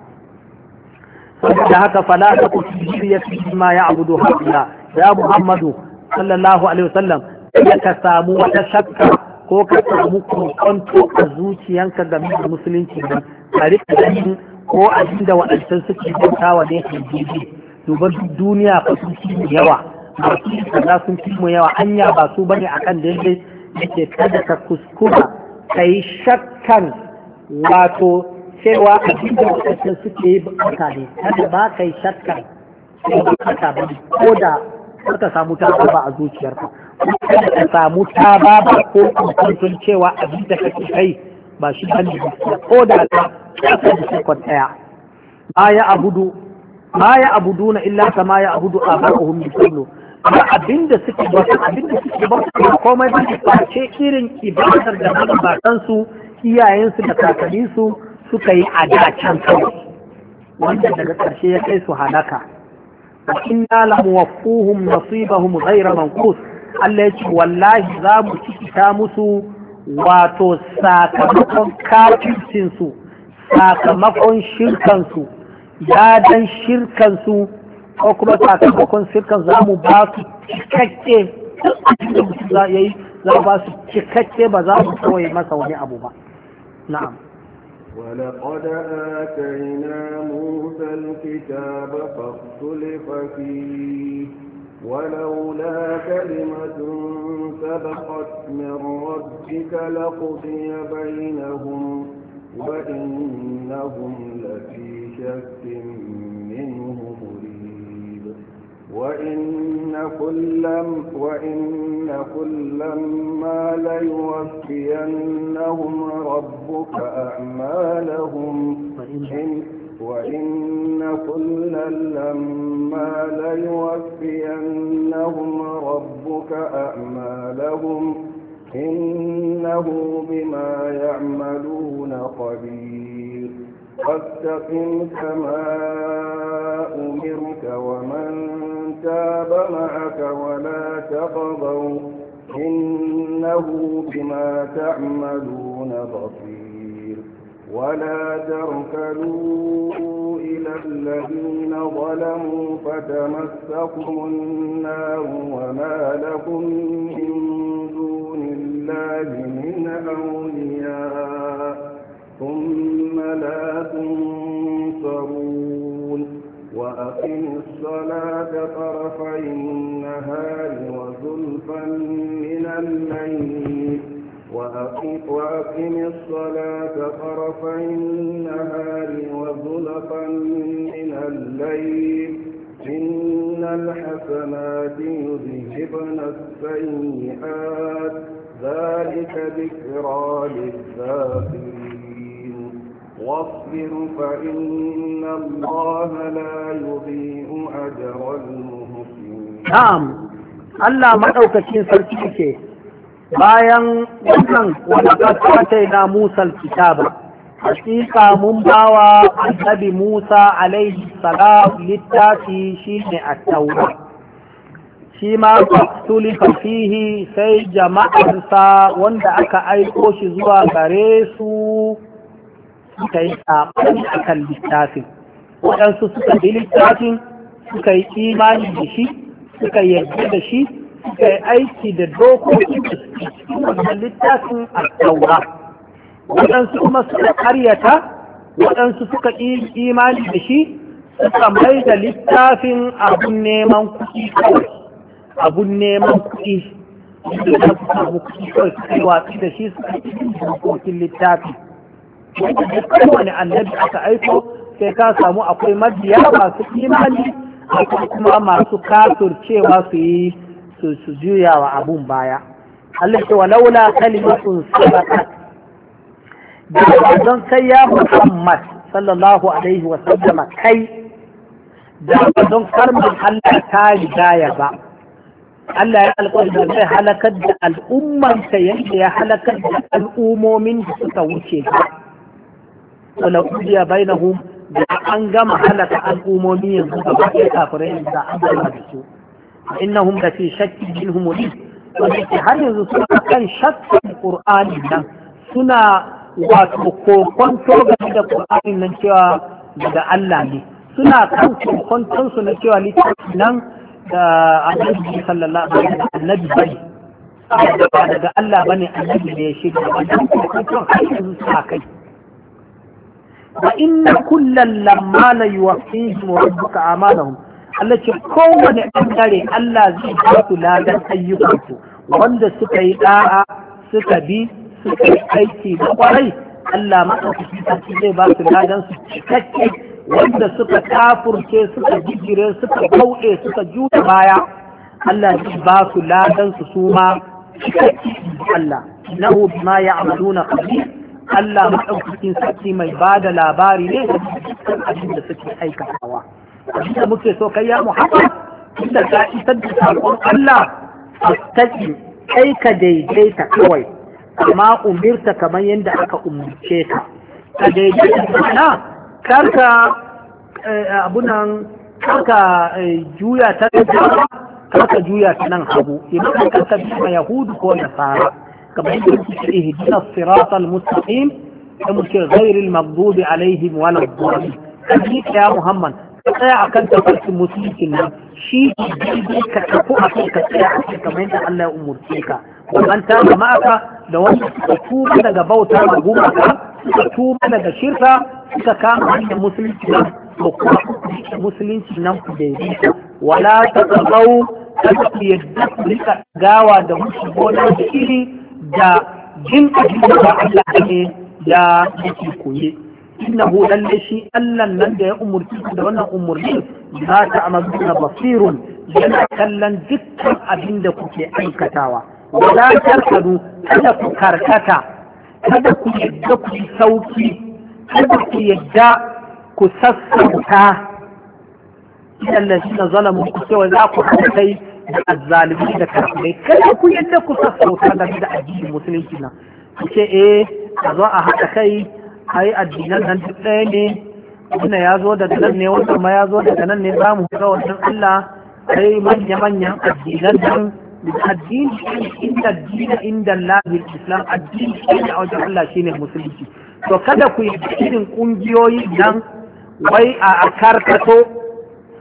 da saboda haka fala ta ku shirya fi ma ya abudu hakila ya muhammadu sallallahu alaihi wasallam ya ka samu wata shakka ko ka samu kokonto a zuciyanka game da musulunci ba a rika ganin ko abin da waɗancan suke bautawa ne hajjiji duba duniya fa sun fi yawa masu kaza sun fi mu yawa anya ba su bane akan daidai yake kada ka kuskura ka yi shakkan wato cewa abin da wadannan suke yi bukata ne kada ba ka yi shakkan cewa bukata ba ko da ka samu ta ba a zuciyarka kada ka samu ta ba ba ko kuntun cewa abin da kake kai ba shi ban da ko da ka kasa da shakkan daya ba ya abudu ma ya abuduna illa kama ya abudu a bar'uhum bi kullu ba abinda suke ba abinda suke ba su komai ba ce irin ibadar da iyayen iyayensu da kakanninsu suka yi a dacen wanda daga ƙarshe ya kai su halaka wa inna la muwaffuhum nasibahum ghayra manqus Allah ya ce wallahi za mu cikita musu wato sakamakon kafircin su sakamakon shirkansu, su yadan shirkan su ko kuma sakamakon sirkan za mu ba su cikakke za a yi za ba su cikakke ba za mu kawai masa wani abu ba na'am ولقد آتينا موسى الكتاب فاختلف فيه ولولا كلمة سبقت من ربك لقضي بينهم وإنهم لفي شك منه مريد وإن كلا وإن كلا ما ليوفينهم ربك أعمالهم إن وإن كلا لما ليوفينهم ربك أعمالهم إنه بما يعملون خبير فاستقم كما أمرت ومن الكتاب معك ولا تقضوا إنه بما تعملون بصير ولا تركنوا إلى الذين ظلموا فتمسكم النار وما لكم من دون الله من أولياء ثم لا تنصرون وأقم الصلاة طرفي النهار وزلفا من الليل وأقم الصلاة طرفي النهار وزلفا من الليل إن الحسنات يذهبن السيئات ذلك ذكرى للذاكرين واصبر فإن الله لا يضيء أجر المحسنين نعم Allah maɗaukacin sarki ke bayan wannan wanda kasa ta na Musa kitaba hakika mun bawa annabi Musa alaihi salam littafi shine at-Taurat shi ma faktuli fihi sai jama'arsa wanda aka aiko shi zuwa gare su suka yi saɓani a kan littafin waɗansu suka bi littafin suka yi imani da shi suka yarda da shi suka yi aiki da dokokin da suke cikin littafin a taura waɗansu kuma suka karyata waɗansu suka yi imani da shi suka mai da littafin abun neman kuɗi kawai abun neman kuɗi da suka kuɗi kawai suka yi watsi da shi suka yi dokokin littafin wanda duk kowane annabi aka aiko sai ka samu akwai mabiya masu imani akwai kuma masu kafircewa su yi su juya wa abun baya Allah ce walaula kalimatun sabaqat da don kai ya Muhammad sallallahu alaihi wa sallama kai da don karmar Allah ta rigaya ba Allah ya alƙawari da zai halakar da al'ummansa yadda ya halakar da al'ummomin da suka wuce ba wala kudiya bainahum da an gama halaka al'umomi yanzu da baki kafirai da an gama da su innahum da fi shakki minhum murib wanda har yanzu suna kan shakkin qur'ani nan suna wato kokonto game da qur'ani nan cewa daga Allah ne suna kan kokonton su na cewa littafin nan da annabi sallallahu alaihi wasallam annabi bai daga Allah bane annabi ne ya shirya wannan kokonton har yanzu suna kai wa inna kullan lamma la yuwaffihim rabbuka amalahum Allah ce kowane ɓangare Allah zai ba su ladan ayyukansu wanda suka yi ɗa'a suka bi suka yi aiki da kwarai Allah maɗaukaki sarki zai ba su ladan su cikakke wanda suka kafurce suka jijire suka bauɗe suka juta baya Allah zai ba su ladan su suma cikakke Allah innahu bima ya'maluna khabir Allah maɗaukakin sarki mai ba da labari ne abin da suke aikatawa abin da muke so kai ya muhammad inda ka isar da saƙon Allah a taƙi kai ka daidaita kawai amma umirta kamar yadda aka umarce ka ka daidaita mana karka eh, abunan karka eh, juya ta karka juya ta nan hagu imanin ka ma yahudu ko nasara كما يجري اهدنا الصراط المستقيم غير المغضوب عليهم ولا الضالين أجيك يا محمد أنا أكلت بس مسيك الله شيء جديد كتفو أفيك كتير أفيك كمين على ومن تاب معك لو أنت تتوب لك بوتا مغومك تتوب لك شركة تتكام عن مسلمك وقوة مسلمك نمت بيديك ولا تتضو تتفيد لك قاوة دمشي بولا شيء da jin abin da Allah ne ya yake koye innahu lalle shi Allah nan da ya umurci da wannan umurni za ta amazuna basirun yana kallon dukkan abin da kuke aikatawa wala tarkadu kada ku karkata kada ku yadda ku sauki kada ku yadda ku sassauta idan lalina zalamu ku cewa za ku kai da azzalimi da kafirai kai ku yadda ku sassauta game da addinin musulunci nan ku ce eh a zo a haɗa kai ai addinan nan duk ɗaya ne wannan ya zo daga nan ne wannan ma ya zo daga nan ne za mu ga wannan Allah Kai manya manyan addinan nan addini inda addini inda lahir islam addini inda a wajen Allah shine musulunci to kada ku yi irin kungiyoyi nan wai a karkato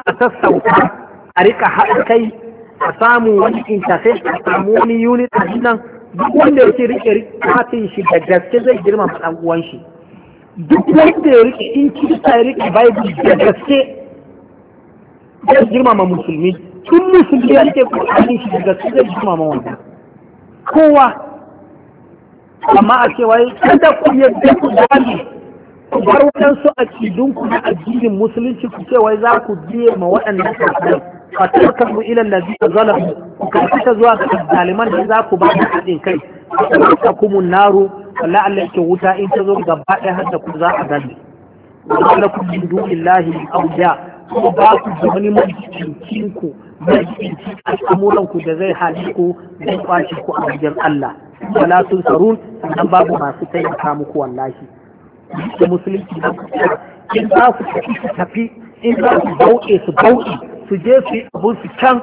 a sassauta a rika haɗa kai a samu wani interface a samu wani unit a nan duk wanda yake rike rikatin shi da gaske zai girma dan uwan shi duk wanda ya rike in kirista ta rike bible da gaske zai girma ma musulmi tun musulmi ya rike kur'anin shi da gaske zai girma ma wanda kowa amma a cewa kada ku yadda ku dame ku bar waɗansu a ku na addinin musulunci ku ce wai za ku biye ma waɗannan kafirai fatarkamu ila allazina zalamu ku karkata zuwa ga zaliman da za ku ba da haɗin kai ta kuma naru Allah Allah yake wuta in ta zo gaba ɗaya har da ku za a gani wa lakum min dunillahi awliya kuma ba ku da wani majikin ku a al'amuran ku da zai hali ku zai kwashe ku a wajen Allah wala sun sarun sannan babu masu taimaka muku wallahi da musulunci da in za ku tafi in za su bauɗe su bauɗe su je su yi abun su can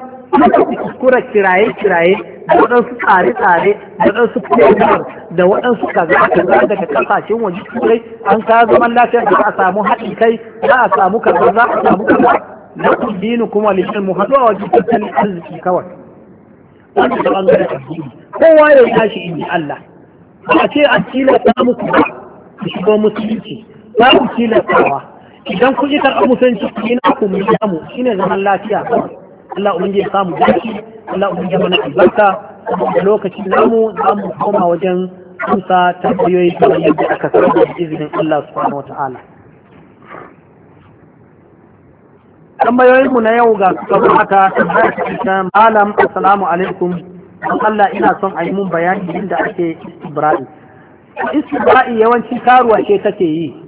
su kuskura kiraye-kiraye da waɗansu tsare-tsare da waɗansu kuma da waɗansu kaza kaza daga kasashen waje turai an ka zaman lafiya da za a samu haɗin kai za a samu kaza za a samu kaza na addini kuma lishin mu haɗu a wajen tattalin arziki kawai wanda da ɓangaren addini kowa ya tashi inji Allah ba a ce an tilasta muku ba ku shigo musulunci ba ku tilastawa idan kun yi karɓar musulunci ku yi na ku mu samu shine zaman lafiya Allah ubangiji ya samu dashi Allah ubangiji mana albarka da lokacin namu za mu koma wajen amsa tambayoyi kamar yadda aka saba da izinin Allah subhanahu wataala tambayoyin mu na yau ga kusurwa kamar haka tambayar ta malam assalamu alaikum don Allah ina son a yi mun bayani inda ake istibra'i istibra'i yawanci karuwa ce take yi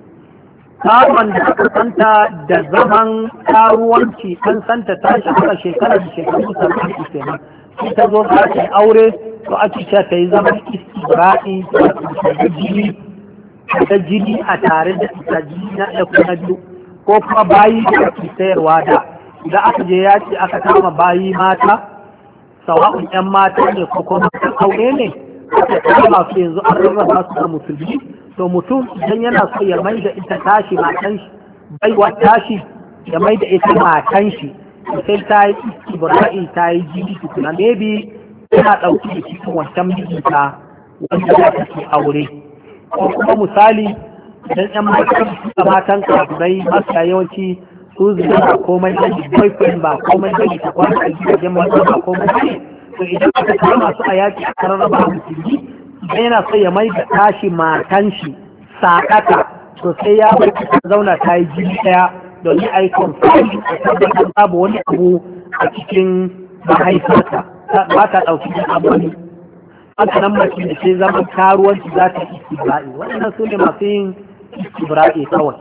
karon da aka santa da zaman karuwanci an santa ta shekara shekara da shekaru sarki kenan sai ta zo ta ce aure to a cikin ta yi zaman istibra'i ta jini a tare da ita jini na ya kuma biyu ko kuma bayi da ake sayarwa da idan aka je ya ce aka kama bayi mata sawa'un 'yan mata ne ko kuma aure ne aka kama su yanzu an rarraba su da musulmi to mutum idan yana so ya mai da ita tashi matan shi baiwa tashi ya mai da ita matan shi sai ta yi istibra'i ta yi jini tukuna maybe tana ɗauki da cikin wancan mijinta wanda za ta ke aure ko kuma misali idan yan matan suka matan kafirai masu yawanci su zuwa ba komai gani boyfriend ba komai gani ta kwana a gidajen mata ba komai gani to idan aka kama su a yaki a karar ba musulmi da yana so ya mai da tashi matan shi saƙaƙa to sai ya bai ta zauna ta yi jini ɗaya domin a yi confirm a tabbatar babu wani abu a cikin mahaifarta ba ta ɗauki da abu haka nan mace da ke zama karuwanci za ta yi istibra'i waɗannan su ne masu yin istibra'i kawai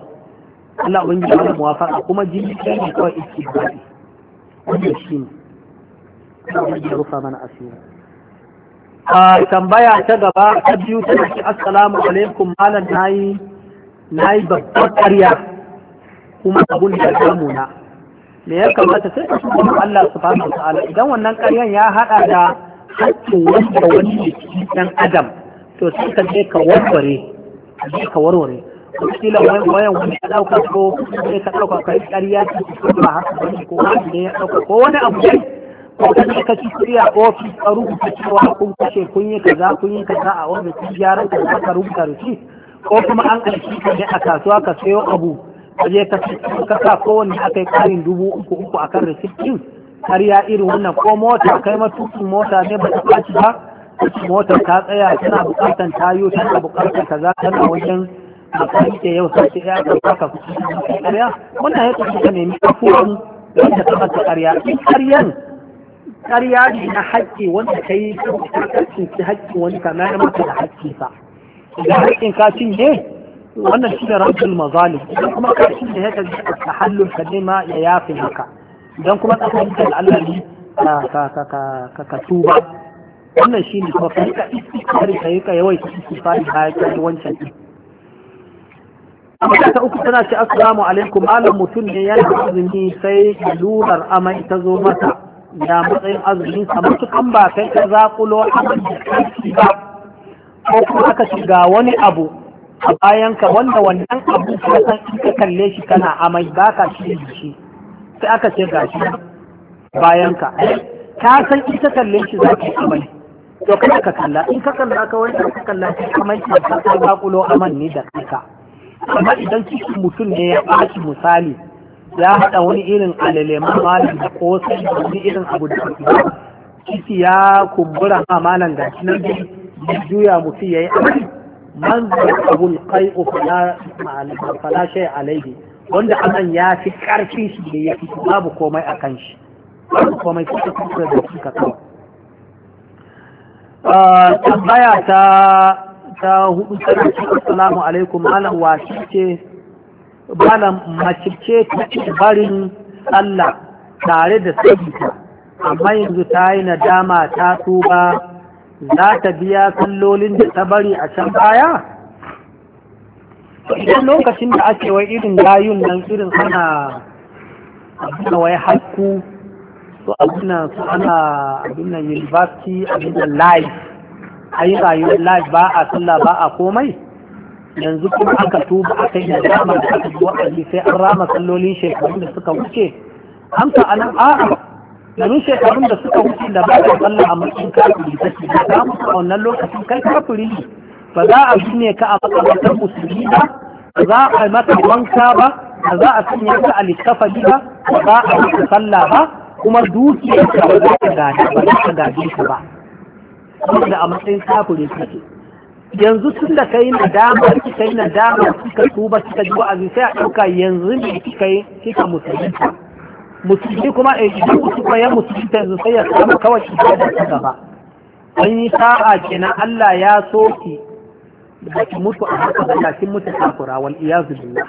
Allah wani ya muwafaka kuma jini ɗaya yi kawai istibra'i wannan shi ne Allah ubangiji ya rufa mana asiri tambaya ta gaba ta biyu ta nake assalamu alaikum malam nayi nayi babbar ƙarya kuma abun da ya na me ya kamata sai ka kuma Allah subhanahu ta'ala idan wannan ƙaryan ya hada da hakkin wanda wani dan adam to sai ka je ka warware ka je ka warware kila wayan wani ya dauka ko sai ka dauka kai ƙarya ta ba haka ko wani ya dauka ko wani abu ko kan ka ci a ofis a rubuta cewa kun kashe kun yi kaza kun yi kaza a wanda cikin gyaran ka ka rubuta rufi? ko kuma an aiki ka ne a kasuwa ka sayo abu ka je ka ka sa kowanne aka yi karin dubu uku uku a kan rufin har ya irin wannan ko mota kai ma tukin mota ne ba ta ba motar ta tsaya tana bukatar tayo tana buƙatar kaza tana wajen makarike yau sai ya ka kusa. kuɗi ƙarya wannan ya tafi ka nemi kafuwan wanda ka mata ƙarya ƙaryan ƙarya ne na haƙƙi wanda ka yi haƙƙin haƙƙin wani ka mayar maka da haƙƙi sa idan haƙƙin ka ne wannan shi ne rabbul mazalim idan kuma ka ya ka ji ta tahallul ka nema ya yafe haka idan kuma ka cinye da Allah ne ka tuba wannan shi ne kuma ka istighfari ka yi ka yawai istighfari bayan ka yi wancan din amma ta uku tana ce assalamu alaikum malam mutum ne yana azumi sai lurar amai ta zo mata Da matsayin azumin sa kan ba kai ka zakulo abin da kai ba ko kuma ka shiga wani abu a bayan ka wanda wannan abu ka san in ka kalle shi kana amai ba ka shi shi sai aka ce gashi bayan ka ka san in ka kalle shi za ka amai to kana ka kalla in ka kalla ka wani ka kalla shi amai ka zakulo aman ne da kanka amma idan cikin mutum ne ya ɓaci misali ya haɗa wani irin alele mamalin da kosai da wani irin abu da Kiki ya kumbura mamalan da nan ya juya mutum ya yi abu man abu kai fala a alaihi wanda anan ya fi karfi shi da ya fi babu komai a kan shi babu komai suka kuka da suka kawo ah, tambaya ta ta hudu tana assalamu alaikum malam wasu ce bala macece ta barin Allah tare da sabita amma yanzu ta yi nadama ta tuba za ta biya kallolin da ta bari a can baya idan lokacin da ake wai irin gayun nan irin ana abin wai haiku to abin su ana abin nan university abin nan live a yi rayuwar live ba a sallah ba a komai yanzu kuma aka tuba aka yi nadama da aka zuwa aji sai an rama sallolin shekarun da suka wuce amsa a nan a'a domin shekarun da suka wuce da ba ka tsalla a matsayin kafiri ta ce da samu a wannan lokacin kai kafiri ne ba za a binne ka a makamantar musulmi ba ba za a mata wanka ba ba za a sanya ka a littafari ba ba za a mata sallah ba kuma dukiyar ka ba za ka gaji ba za ka gaji ka ba saboda a matsayin kafiri ta ce yanzu tun da kai na dama kika yi dama kika tuba kika ji wa'azi sai a ɗauka yanzu ne kika yi kika musulunta musulmi kuma a yi duk kuma ya musulunta yanzu sai ya samu kawai kika da ta gaba an yi sa'a kenan Allah ya so ki da ki mutu a haka da kin mutu takura wal iyazu billah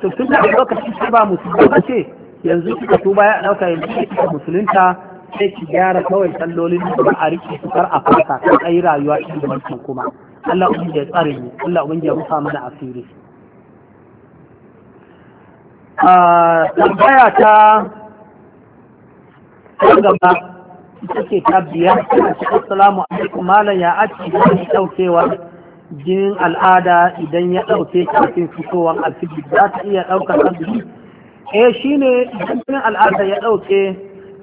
to tun da lokacin ki ba musulmi ba ce yanzu kika tuba ya ɗauka yanzu kika musulunta sai ki gyara kawai sallolin da ba a rike su kar a fasa kan ayi rayuwa ɗin da kuma Allah ubangiji ya tsare mu Allah ubangiji ya rufa mana asiri a tambaya ta gaba ita ce ta biyar assalamu alaikum malam ya ake jini daukewar jinin al'ada idan ya dauke kafin fitowar alfiji za ta iya daukar alfiji eh shine idan jinin al'ada ya dauke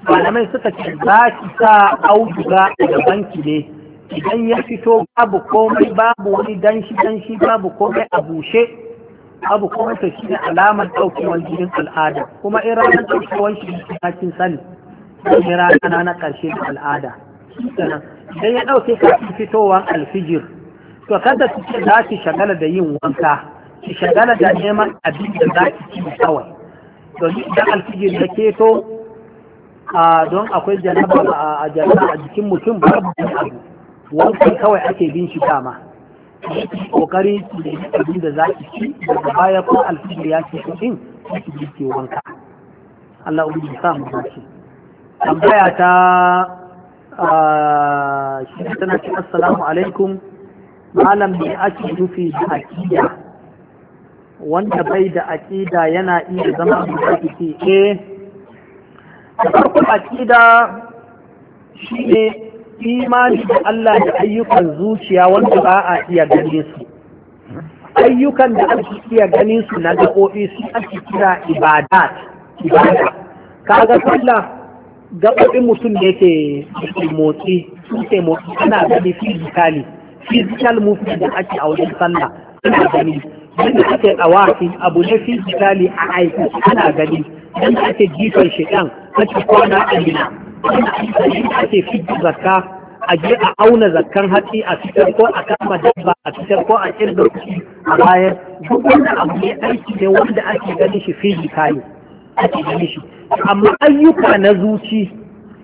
malamai suka ce za ki sa auduga daga banki ne idan ya fito babu komai babu wani danshi danshi babu komai a bushe babu komai to shi ne alamar daukewar jinin al'ada kuma in ranar daukewar shi cikin sani ne rana na karshe da al'ada idan ya dauke kafin fitowar alfijir to kada su ce za ki shagala da yin wanka su shagala da neman abin da za ki ci kawai domin idan alfijir ya keto don akwai janaba a jikin mutum babu abu wankan kawai ake bin shi dama kokari su da abin da za ki ci daga baya ko alfijir ya ci kuɗin ki ji ke wanka Allah ubi sa mu dace tambaya ta shi tana ce assalamu alaikum malam ne ake nufi da aƙida wanda bai da aƙida yana iya zama zaki ce eh da farko aƙida shi ne imani da Allah da ayyukan zuciya wanda ba a iya gane su ayyukan da ake iya ganin su na gaɓoɓi su ake kira ibadat ibada kaga sallah gaɓoɓin mutum da yake motsi ke motsi ana gani fizikali physical movement da ake a wajen sallah ana gani da ake awaki, abu na fizikali a aiki ana gani da ake jifan shekan ake kwana a gina ake fitar zakka a je a auna zakkan hatsi a cikin ko a kama dabba a cikin ko a kirga kuɗi a bayan duk wanda abu ne aiki ne wanda ake gani shi fili kayi ake gani shi amma ayyuka na zuci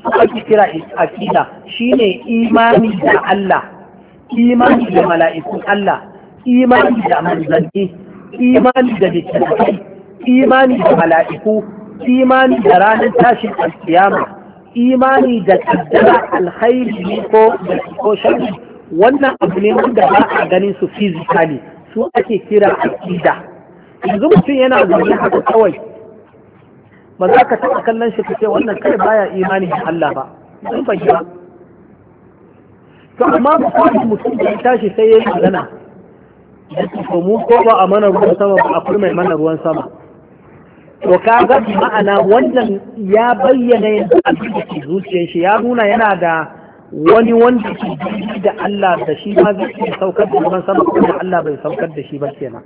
su ake kira akida shine imani da Allah imani da mala'ikun Allah imani da manzanni imani da littattafai imani da mala'iku imani da ranar tashin alkiyama imani da kaddara alkhairi ko ko wannan abu ne wanda ba a ganin su physically su ake kira aqida yanzu mutum yana zaune haka kawai ba za ka taɓa kallon shi kace wannan kai baya imani da Allah ba sun ba to amma ba mutum da ya tashi sai ya yi magana da mu ko ba a mana ruwan sama ba a kurmai mai mana ruwan sama to ka ga ma'ana wannan ya bayyana yadda abin da ke zuciyar shi ya nuna yana da wani wanda ke jiri da Allah da shi ma zai iya saukar da ruwan sama kuma Allah bai saukar da shi ba kenan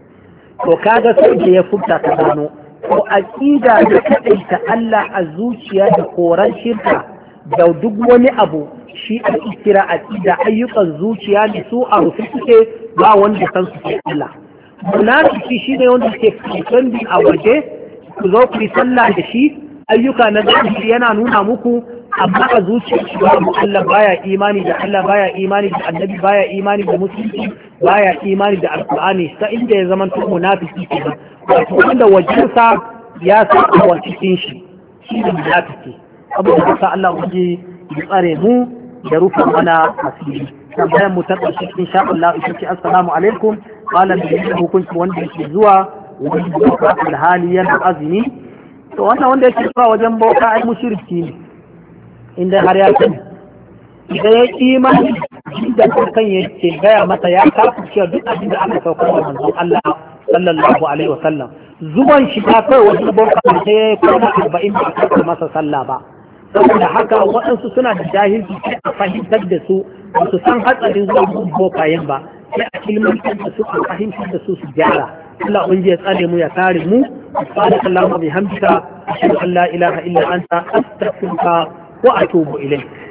to ka ga sai da ya furta ka gano ko aqida da kadaita Allah a zuciya da koran shirka da duk wani abu shi a kira aqida ayyukan zuciya da su a rufe suke ba wanda san su Allah munafiki shi ne wanda ke fitan a waje ku zo ku yi sallah da shi ayyuka na zahiri yana nuna muku amma a zuciyar shi babu Allah baya imani da Allah baya imani da annabi baya imani da musulunci baya imani da alqur'ani ta inda ya zama to munafiki kenan wato wanda wajensa ya saka wa cikin shi shi ne munafiki abu da sa Allah uji ya tsare mu da rufe mana asiri tambayar mu ta ƙarshe insha Allah ita ce assalamu alaikum malam da hukunci wanda yake zuwa wani azumi to wannan wanda yake zuwa wajen boka ai mushriki ne inda har ya sani idan ya imani da kan yake gaya masa ya kafa cewa duk abin da aka sauka wa manzon Allah sallallahu alaihi wasallam zuban shi ta kai wani boka sai ya kwana in ba a masa sallah ba saboda haka waɗansu suna da jahilci sai a fahimtar da su ba su san hatsarin zuwa bokayen ba sai a ilmantar da su a fahimtar da su su gyara Allah ubangiji ya tsare mu ya kare mu subhanaka allahumma bihamdika hamsa an allah ilaha illa anta astaghfiruka wa atubu ilayk